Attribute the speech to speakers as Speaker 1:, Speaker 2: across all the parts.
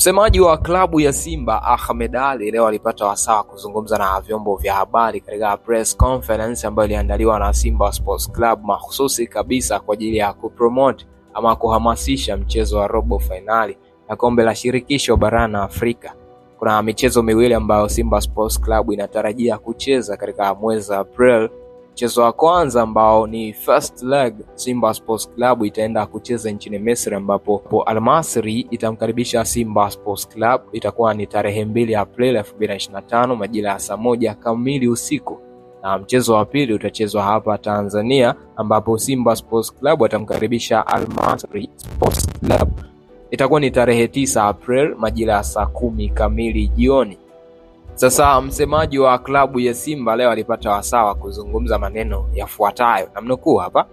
Speaker 1: Msemaji wa klabu ya Simba Ahmed Ally leo alipata wasaa wa kuzungumza na vyombo vya habari katika press conference ambayo iliandaliwa na Simba Sports Club mahususi kabisa kwa ajili ya kupromote ama kuhamasisha mchezo wa robo fainali ya kombe la shirikisho barani Afrika. Kuna michezo miwili ambayo Simba Sports Club inatarajia kucheza katika mwezi April Mchezo wa kwanza ambao ni first leg, Simba Sports Club itaenda kucheza nchini Misri, ambapo Almasri itamkaribisha Simba Sports Club. Itakuwa ni tarehe mbili Aprili 2025 majira ya saa moja kamili usiku na mchezo wa pili utachezwa hapa Tanzania ambapo Simba Sports Club watamkaribisha Almasri Sports Club. Itakuwa ni tarehe 9 April majira ya saa kumi kamili jioni. Sasa msemaji wa klabu ya Simba leo alipata wasaa wa kuzungumza maneno yafuatayo, namnukuu hapa: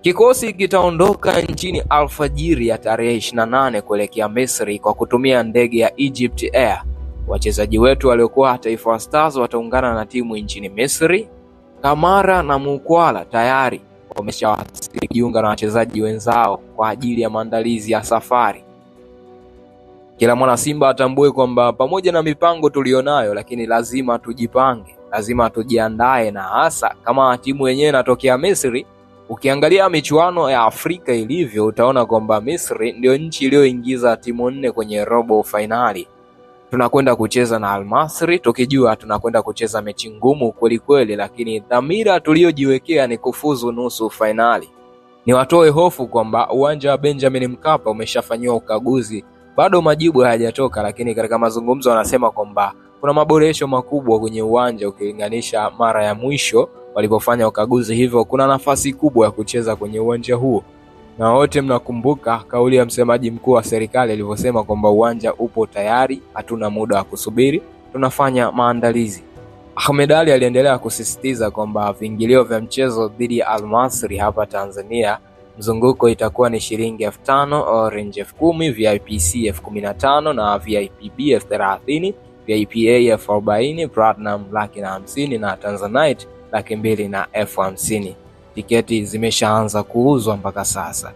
Speaker 1: kikosi kitaondoka nchini alfajiri ya tarehe 28 kuelekea Misri kwa kutumia ndege ya Egypt Air. Wachezaji wetu waliokuwa Taifa Stars wataungana na timu nchini Misri. Kamara na Mukwala tayari wameshawasili kujiunga na wachezaji wenzao kwa ajili ya maandalizi ya safari. Kila mwana Simba atambue kwamba pamoja na mipango tuliyonayo, lakini lazima tujipange, lazima tujiandae, na hasa kama timu yenyewe inatokea Misri. Ukiangalia michuano ya Afrika ilivyo, utaona kwamba Misri ndio nchi iliyoingiza timu nne kwenye robo fainali. Tunakwenda kucheza na Almasri tukijua tunakwenda kucheza mechi ngumu kweli kweli, lakini dhamira tuliyojiwekea ni kufuzu nusu fainali. Niwatoe hofu kwamba uwanja wa Benjamin Mkapa umeshafanyiwa ukaguzi bado majibu hayajatoka, lakini katika mazungumzo wanasema kwamba kuna maboresho makubwa kwenye uwanja ukilinganisha mara ya mwisho walipofanya ukaguzi, hivyo kuna nafasi kubwa ya kucheza kwenye uwanja huo. Na wote mnakumbuka kauli ya msemaji mkuu wa serikali alivyosema kwamba uwanja upo tayari, hatuna muda wa kusubiri, tunafanya maandalizi. Ahmed Ali aliendelea kusisitiza kwamba viingilio vya mchezo dhidi ya Al Masry hapa Tanzania Mzunguko itakuwa ni shilingi elfu tano Orange elfu kumi VIPC elfu kumi na tano na VIPB elfu thelathini VIPA elfu arobaini Platinum laki na hamsini na Tanzanite laki mbili na elfu hamsini. Tiketi zimeshaanza kuuzwa mpaka sasa.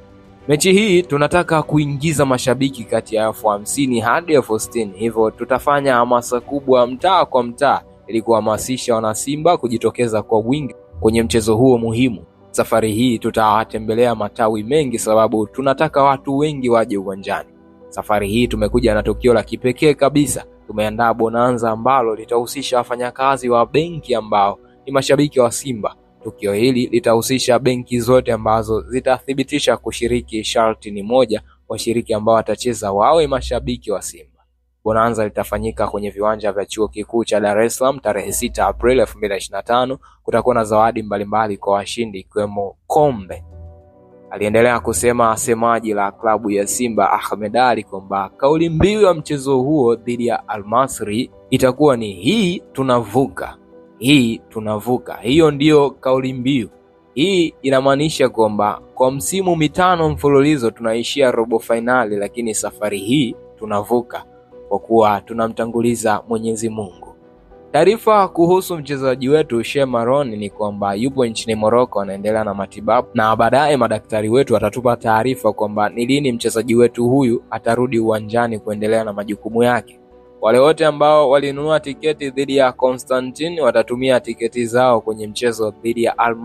Speaker 1: Mechi hii tunataka kuingiza mashabiki kati ya elfu hamsini hadi elfu sitini hivyo tutafanya hamasa kubwa mtaa kwa mtaa ili kuhamasisha wanasimba kujitokeza kwa wingi kwenye mchezo huo muhimu. Safari hii tutawatembelea matawi mengi, sababu tunataka watu wengi waje uwanjani. Safari hii tumekuja na tukio la kipekee kabisa. Tumeandaa bonanza ambalo litahusisha wafanyakazi wa benki ambao ni mashabiki wa Simba. Tukio hili litahusisha benki zote ambazo zitathibitisha kushiriki. Sharti ni moja, washiriki ambao watacheza wawe mashabiki wa Simba. Bonanza litafanyika kwenye viwanja vya Chuo Kikuu cha Dar es Salaam tarehe 6 Aprili 2025. Kutakuwa na zawadi mbalimbali kwa washindi ikiwemo kombe. Aliendelea kusema semaji la klabu ya Simba Ahmed Ali kwamba kauli mbiu ya mchezo huo dhidi ya Almasri itakuwa ni hii tunavuka, hii tunavuka. Hiyo ndiyo kauli mbiu. Hii inamaanisha kwamba kwa msimu mitano mfululizo tunaishia robo fainali, lakini safari hii tunavuka kwa kuwa tunamtanguliza Mwenyezi Mungu. Taarifa kuhusu mchezaji wetu Shea Maron ni kwamba yupo nchini Moroko anaendelea na matibabu, na baadaye madaktari wetu watatupa taarifa kwamba ni lini mchezaji wetu huyu atarudi uwanjani kuendelea na majukumu yake. Wale wote ambao walinunua tiketi dhidi ya Constantine watatumia tiketi zao kwenye mchezo dhidi ya Al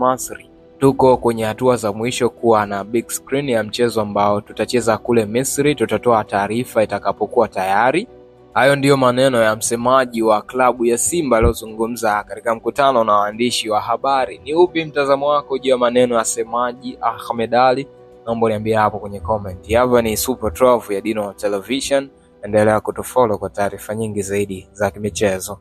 Speaker 1: Tuko kwenye hatua za mwisho kuwa na big screen ya mchezo ambao tutacheza kule Misri. Tutatoa taarifa itakapokuwa tayari. Hayo ndiyo maneno ya msemaji wa klabu ya Simba aliyozungumza katika mkutano na waandishi wa habari. Ni upi mtazamo wako juu ya maneno ya semaji Ahmed Ally? Naomba niambie hapo kwenye comment. Hapa ni Super 12 ya Dino Television, endelea kutufollow kwa taarifa nyingi zaidi za kimichezo.